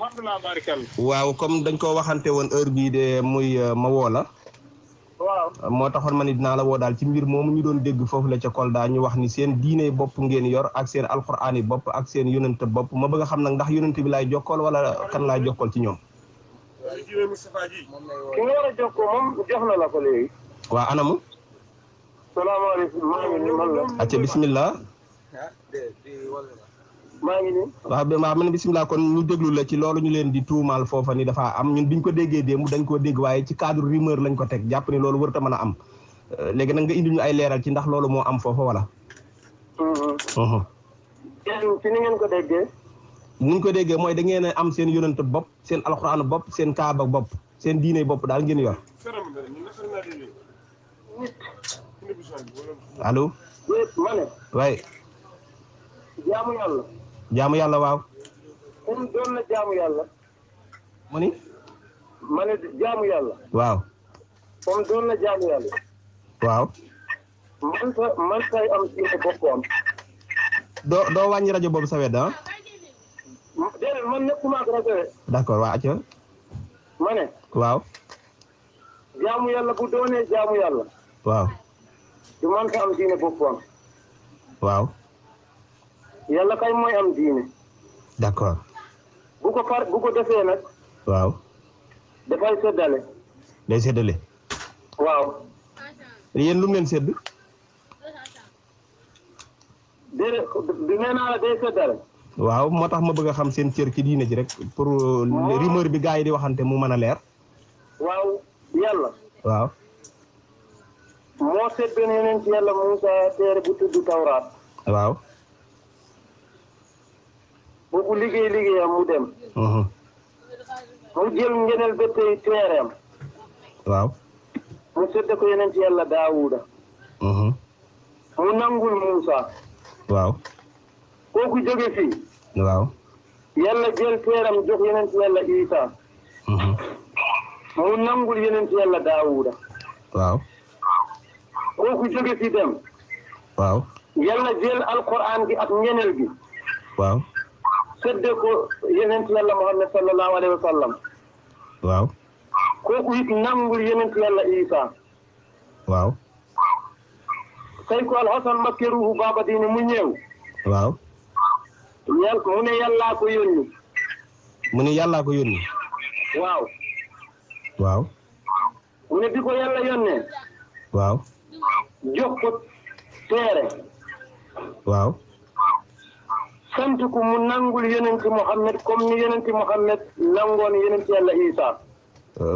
waaw comme dañ ko waxante woon heure bii de muy euh, ma woo moo taxoon ma ni dinaa la woo daal ci mbir moomu ñu doon dégg foofu la ca Kolda ñu wax ni seen diine bopp ngeen yor ak seen alxuraan bopp ak seen yonent bopp ma bëgg a xam nag ndax yonent bi lay jokkool wala kan laay jokkool ci ñoom. ki nga war a jokkoo moom jox na la ko léegi. waa anamu. acca bismillah. waaw ngi nii. waaw bi maa kon ñu déglu la ci loolu ñu leen di tuumaal foofa ni dafa am ñun biñ ko déggee démb dañ koo dégg waaye ci cadre rumeur lañ ko teg jàpp ni loolu warut a mën a am euh, léegi nag nga indi leeral ci ndax loolu moo am foofa wala. Mm-hmm. Uh-huh. ci ko déggee. mooy da ngeen am seen yonent bopp seen alxuraanu bopp seen kaaba bopp seen diine bopp daal ngeen yor. jaamu yàlla waaw. comme doon na jaamu yàlla. waaw. comme doon na jaamu yàlla. waaw. man sa am diine bokk doo doo wàññi rajo boobu sa wedd ah. man nekkuma ak rajo de. d'accord waaw waaw. jaamu yàlla bu doonee jaamu yàlla. waaw. du man am diine bokk waaw. yàlla kay mooy am diine. d'accord. bu ko par defee nag. waaw. dafay séddale. day séddale. waaw. yéen lu mu leen sédd. déedéet day séddale. waaw moo tax ma bëgg a xam seen cër ci diine ji rek pour. rumeur bi gaa yi di waxante mu mën a leer. waaw yàlla. waaw. moo sédd ci yàlla Muusa téere bu tudd Tawraat. waaw. boobu liggéey liggéeyam mu dem. Uh-huh. mu jël ngeneel ba tey teereem. waaw. mu sedd ko yeneen ci yàlla daawuda. Uh-huh. mu nangul Muusa. waaw. kooku jóge fii. waaw. yàlla jël teeram jox yeneen ci yàlla uh-huh. mu nangul yeneen ci yàlla daawuda. waaw. kooku jóge fii dem. waaw. yàlla jël alquran gi ak ngeneel gi. waaw. séddee ko yeneen ci yàlla Muhammad alayhi wa sallam. waaw. kooku it nangul yeneen ci yàlla Isa. waaw. tey ko alxasan makkeruhu baaba diine mu ñëw. waaw. yàlla mu ko yónni. mu ne ko yónni. waaw. waaw. mu bi ko yàlla yónnee. waaw. jox teere. waaw. sant ko mu nangul yonent Muhammad comme ni yonent Muhammad nangoon yonent yàlla Isa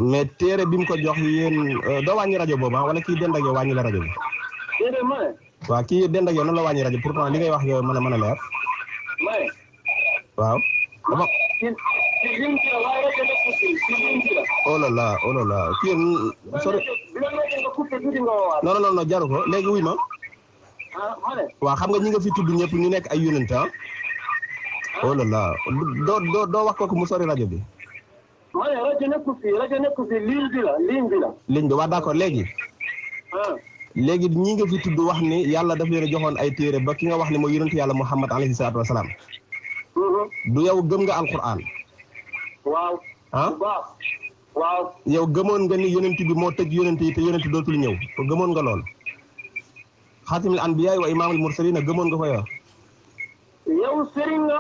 mais téere bi mu ko jox yéen euh, doo wàññi rajo boobu ah, wala kii dend ak la rajo bi téere ma ne waaw kii dend ak yow la wàññi rajo pourtant li ngay wax yow mën a mën a leer ma ne waaw dama oh là là oh euh, non non non jaru ko léegi wuy ma ah, waaw xam nga ñi nga fi tudd ñëpp ñu nekk ay yonent ah. oh là là doo doo wax kooku mu sori rajo bi. mooy rajo nekku fi rajo nekku fi ligne la ligne bi la. ligne bi waaw d'accord léegi. Ah. léegi ñi nga fi tudd wax ni yàlla daf leen joxoon ay téere ba ki wax ni mooy yonentu yàlla Muhammad alayhi salaatu wa salaam. Mm-hmm. du yow gëm nga alquran. waaw. ah waaw. yow gëmoon nga ni yonent bi moo tëj yonent yi te yonent dootul ñëw gëmoon nga lool. xaatimul anbiyaa wa imaamul mursaliin gëmoon nga ko yor. yow sëriñ nga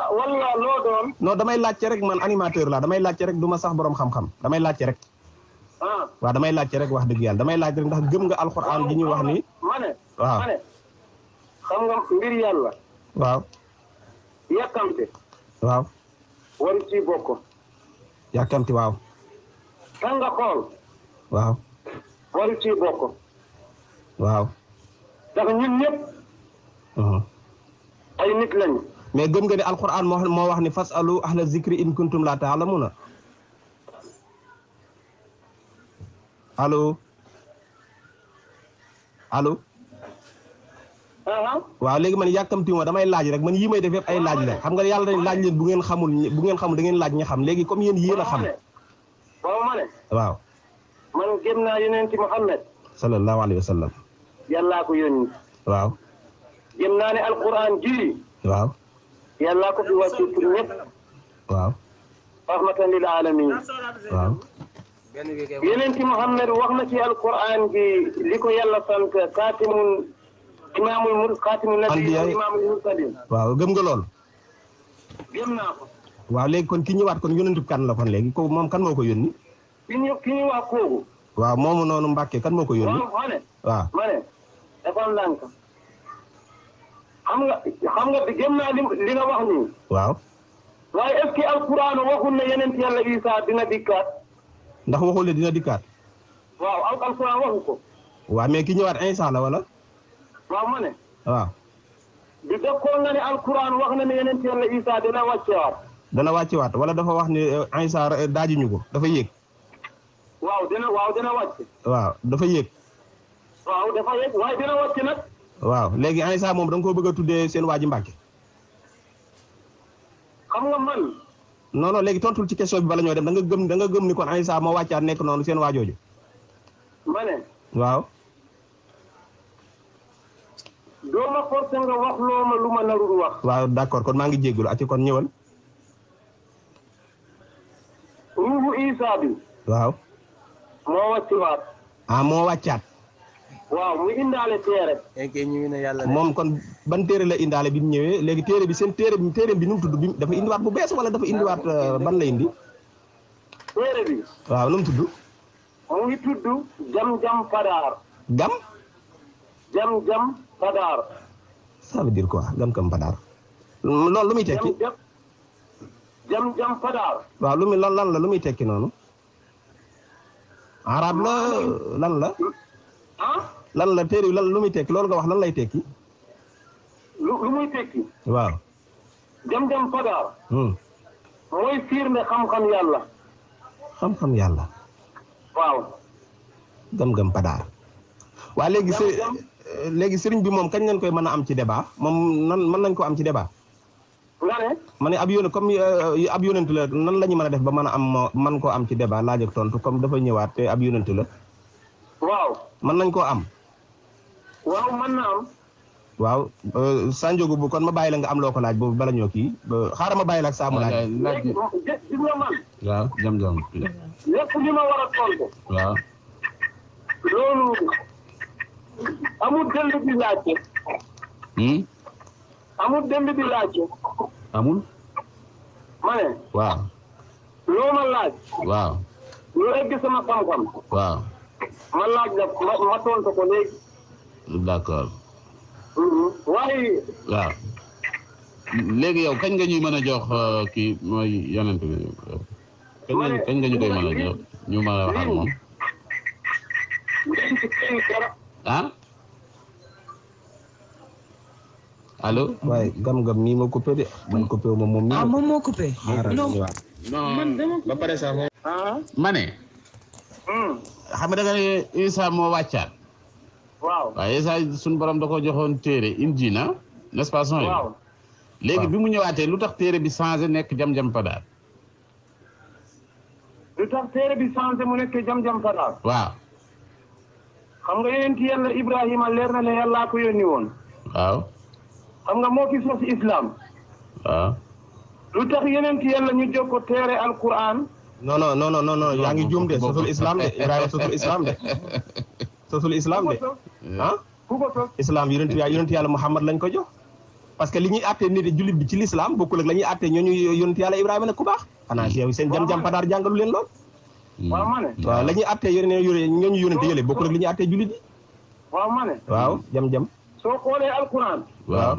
loo doon. non damay laajte rek man animateur la damay laajte rek du ma sax boroom xam-xam damay laajte rek. Ah. damay laajte rek wax dëgg yàlla damay ndax gëm nga alxuraan gi ñuy wax ni. Ah, ma ne xam nga mbir yàlla. waaw. yàkkamte. waaw. waru ci bokk. yàkkamti waaw. kan nga xool. waaw. waru ci bokk. waaw. ndax ñun ñëpp. Mm-hmm. ay nit lañu. mais gëm nga ne alquran moo wax ne fasalu alo zikri in kuntum la taalamuna allo allo uh-huh. waaw léegi man yàkkamtiwuma damay laaj rek man yii may def yëpp laaj la xam nga yàlla dañ laaj leen bu ngeen xamul bu ngeen xamul da ngeen laaj ñi xam léegi comme yéen yéen a xam waaw man gëm naa yeneen ci Muhammad sallallahu alayhi wa yàllaa ko yónni waaw gëm naa ne alquran ji waaw yàlla ko fi wàccee pour ñëpp. waaw. rahmatan lil alamin. waaw. yeneen ci Muhammad wax na ci alquran bi li ko yàlla sant kaatimun imaamul mur waaw gëm nga lool. gëm naa ko. waaw léegi kon ki ñëwaat kon yónnentub kan la kon léegi ko moom kan moo ko yónni. ki ñu ki ñu wax kooku. waaw moomu noonu Mbàkke kan moo ko yónni. waaw xam nga xam nga gëm naa wax nii. waaw. waaye est-ce que alquran waxul ne yeneen yàlla Isa dina dikkaat. ndax waxul dina dikkaat. waaw al alquran waxu ko. waaw mais ki ñëwaat Isa la wala. waaw ma waaw. di dëkkoon nga ne alquran wax na ne yeneen yàlla Isa dina wàccewaat. dana wàccewaat wala dafa wax ne eh, Isa eh, daajuñu ko dafa yéeg. waaw dina waaw dina wàcce. waaw dafa yéeg. waaw dafa yéeg waaye dina wàcce nag. waaw léegi Aïssa moom danga nga koo bëgg a tuddee seen waa ji Mbàkke nga man. non léegi tontul ci question bi bala ñoo dem da nga gëm da nga gëm ni kon Aïssa moo wàccaat nekk noonu seen waajooju ma waaw. doo ma nga wax loo ma lu ma narul wax. waaw d'accord kon maa ngi jégalu ati kon ñëwal. ruuhu Isa bi. waaw. moo wàccuwaat. ah moo wàccaat. waaw mu indaale téere. ne yàlla moom kon ban téere la indaale bi mu ñëwee léegi téere bi seen téere bi téere bi mu tudd bi dafa indiwaat bu bees wala dafa indiwaat euh, ban la indi. téere bi. waaw nu mu tudd. mu ngi tudd Jam Jam Padaar. Gam. Jam Jam Padaar. ça veut dire Gam Gam Padaar. loolu lu muy tekki. Jam Jam Padaar. waaw lu muy lan lan la lu muy tekki noonu. arab la lan la. lan la téere bi lan lu muy tekki loolu nga wax lan lay tekki. lu muy tekki. waaw. dem dem fagaar. Hmm. mooy firnde xam-xam yàlla. xam-xam yàlla. waaw. gam-gam padaar. waa léegi si euh, léegi sëriñ bi moom kañ lañ koy mën a am ci debaa moom nan mën nañ ko am ci débat. nga ne. ma ne ab yónent comme euh, ab yónent la nan la ñu mën a def ba mën a am man koo am ci débat laaj ak tontu comme dafa ñëwaat te ab yónent la. waaw. mën nañ koo am. waaw mën naa am. waaw euh, Sanjogu bu kon ma bàyyi la nga am loo ko laaj boobu bala ñoo kii xaaral ma bàyyi la ak saamu laaj. laaj bi waaw lépp li ma war a tontu. waaw. loolu amul dënd bi laajte. Hmm? amul dënd waaw. loo ma laaj. waaw. lu egg sama xam-xam. waaw. ma laaj léegi. Mm-hmm. waaw léegi yow kañ nga ñuy mën a jox euh, kii mooy yonent bi kañ nga ñu koy mën jox ñu mën a wax ak moom. ah. allo. waaye gam-gam nii ma de. man moom. Ah, moom moo coupé. non non ba Hmm. xam nga da nga ne Isa moo wàccaat. waaw waaye Isa suñu borom da ko joxoon téere Injiil na ah, nest léegi bi mu ñëwaatee lu tax téere bi changé nekk jam-jam padaar. lu tax téere bi changé mu nekk jam-jam padaar. waaw. xam nga yonent yàlla Ibrahima leer na ne yàllaa ko yónni woon. waaw. xam nga moo fi sos islam. waaw. lu tax yonent yàlla ñu jox ko téere alquran. non non non non non yaa ngi juum de sosul islam de Ibrahima sosul islam de sosul islam de ah islam yonent yonent yàlla Muhammad lañ ko jox parce que li ñuy àttee nit jullit bi ci l'islam bokkul ak la ñuy àttee ñooñu yonent yàlla Ibrahima nag ku baax xanaa yow seen jam-jam padaar jàngalu leen lool hmm. waaw ma ne waaw la ñuy àttee yonent ñooñu yonent yële bokkul ak li ñuy àttee jullit yi waaw ma ne waaw jam-jam soo xoolee alquran waaw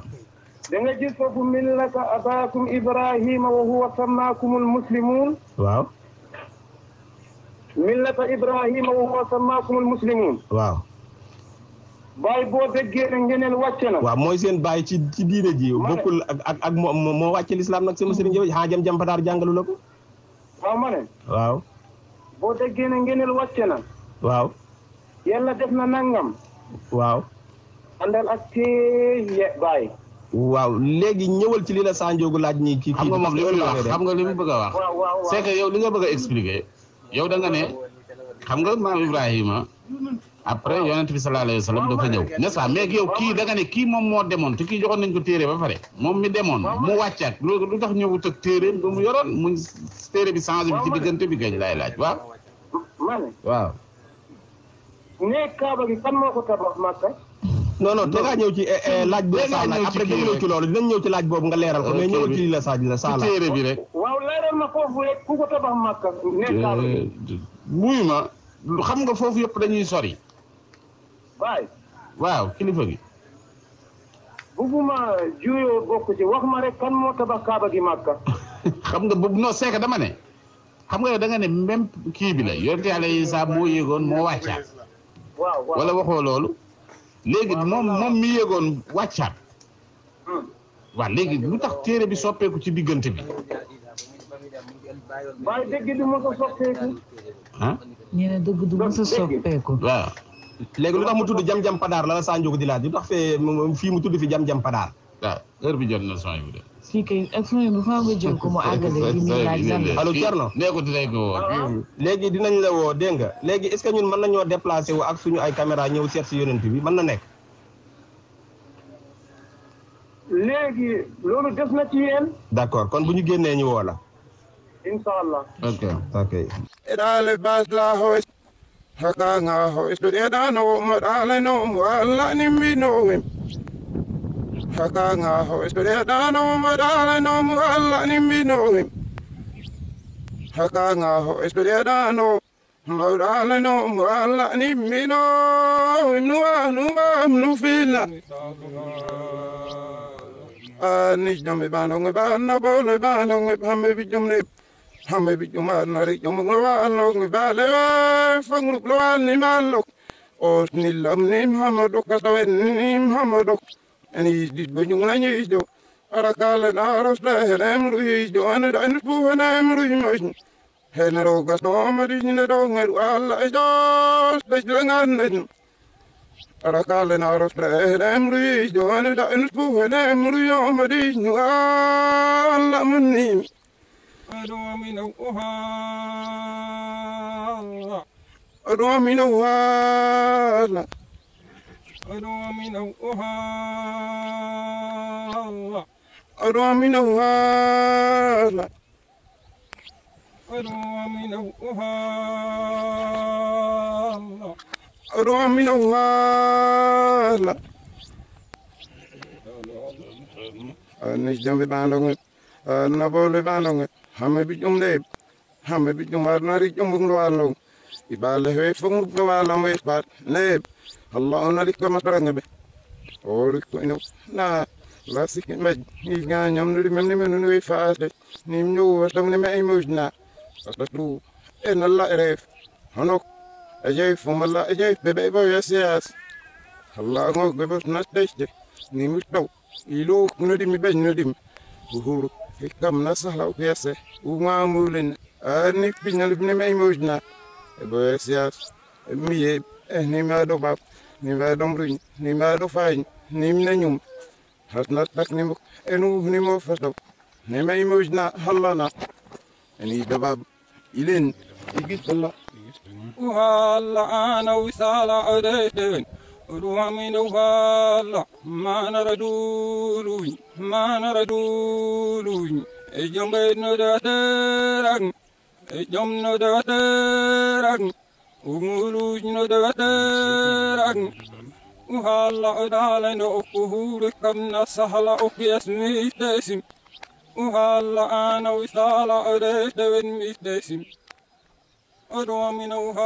da nga gis foofu millata abaakum ibrahima wa huwa sammaakumul muslimuun waaw millata ibrahima wa ma samaakumul muslimuun waaw baay boo déggee ne ngeneen wàcce na waaw mooy seen baay ci ci diine ji bokkul ak ak ak moo moo wàcce lislaam nag sama sëriñ jëf xaa jam jam pataar jàngalu la ko waaw ma ne waaw boo déggee ne ngeneen wàcce na waaw yàlla def na nangam waaw àndal ak teey ye baay waaw léegi ñëwal ci li la Sanjoogu laaj ñi ki kii xam nga moom li mu wax xam nga li mu bëgg a yow li nga bëgg a expliquer yow da nga ne xam nga maam Ibrahima après yonent bi sallallahu alayhi wa sallam dafa ñëw n'est-ce pas mais yow kii da nga ne kii moom moo demoon te kii joxoon nañ ko téere ba pare moom mi demoon mu wàccaat loolu lu tax ñëwut ak téereem ba mu yoroon mu téere bi changé bi ci diggante bi gañ laay laaj waaw. waaw. non non ñëw ci eh, eh, laaj bu la saa laaj après ñëw ci loolu dinañ ñëw ci laaj boobu nga leeral ko mais ñëw ci la saa la saa laaj téere bi rek waaw leeral ma foofu rek ku ko tabax màkka nekkaal muy ma xam nga foofu yëpp dañuy sori waay waaw kilifa gi bugguma juyoo bokk ci wax ma rek kan moo tabax kaaba gi màkka xam nga boobu non seeka dama ne xam nga yow da ne même kii bi la yonte yàlla yi saa moo yéegoon moo wàccaat waaw wala waxoo loolu léegi moom moom mi yéegoon wàccaat hmm. waaw léegi lu tax téere bi soppeeku ci diggante bi waaye dëgg du mos a soppeeku dëgg du mos a soppeeku waaw léegi lu tax mu tudd jam-jam padaar la la di laa lu tax fee fi mu tudd fi jam-jam padaar waaw heure bi jot na son bi de fii kay action yi bu faa nga jël ko mu àggale li ñu laaj allo Thierno léegi dinañ la woo dégg nga léegi est-ce que ñun mën nañoo déplacé wu ak suñu ay caméra ñëw seet si yonent bi mën na nekk léegi loolu def na ci yéen d'accord kon bu ñu génnee ñu woo la insha allah ok ok haganga ho student ano mo dale no wala nimbi no wim فكان حسبنا نوم دار نوم الله نمي نوم فكان حسبنا نوم مولانا نوم الله نمي نوم نوم نوم نفيلا نجم بانو بانو بانو بانو بهم بجم نب هم بجم ناري جم وانو بالو فنغلو وانو مالو أوس نلم نيم هم دكتور نيم هم دكتور Enişte Arakalın arasla helem rüyüz doğanı dayanır bu helem rüyüz Hele rogas doğamır yüzüne doğar Allah izdos Beşlengar nedim Arakalın arasla helem rüyüz doğanı dayanır bu helem rüyüz Yüzünü Allah mınnim أدومنوها الله أدومنوها الله أرومي نوها أرومي نوها أرومي نوها أرومي نوها نجدم ببانغ نبول ببانغ هم بجملة هم بجمار ناري جمبون لوالو ibalehwe fungu kawalam we bar ne allah ona lik kama taranga be or ko ino na lasik ma ga nyam ni mem ni menu we faas de ni ni e e e ma imujna asatu en allah eref honok ajay fumala ajay bebe bo yasias allah ngok bebe nas de ni mu taw ilo no dimi be no dimi uhuru kam na sahla ko yase u ma mulen ani pinyal ni ma imujna boesiya eh, miye nimaɗo mab nimaɗo mruñ nimaɗo fañ nimne ñum hatnat tak nimuk enu nimo fatop nema imojna hallana eni dabab ilin igit allah وهلا انا وسالا عريتين روح من وهلا ما نردولوي ما نردولوي اجنبنا دارن እጆም ነደበደራግኒ ውሙሉጅ ነደበደራግኒ ውሃላ ኦዳለ ነኦኩሁሉ ከምና ሳህላ ኦኩ የስሚደሲም ውሃላ አነ ዊሳላ ኦደሽ ደበድሚደሲም ኦዶሚነ ውሃ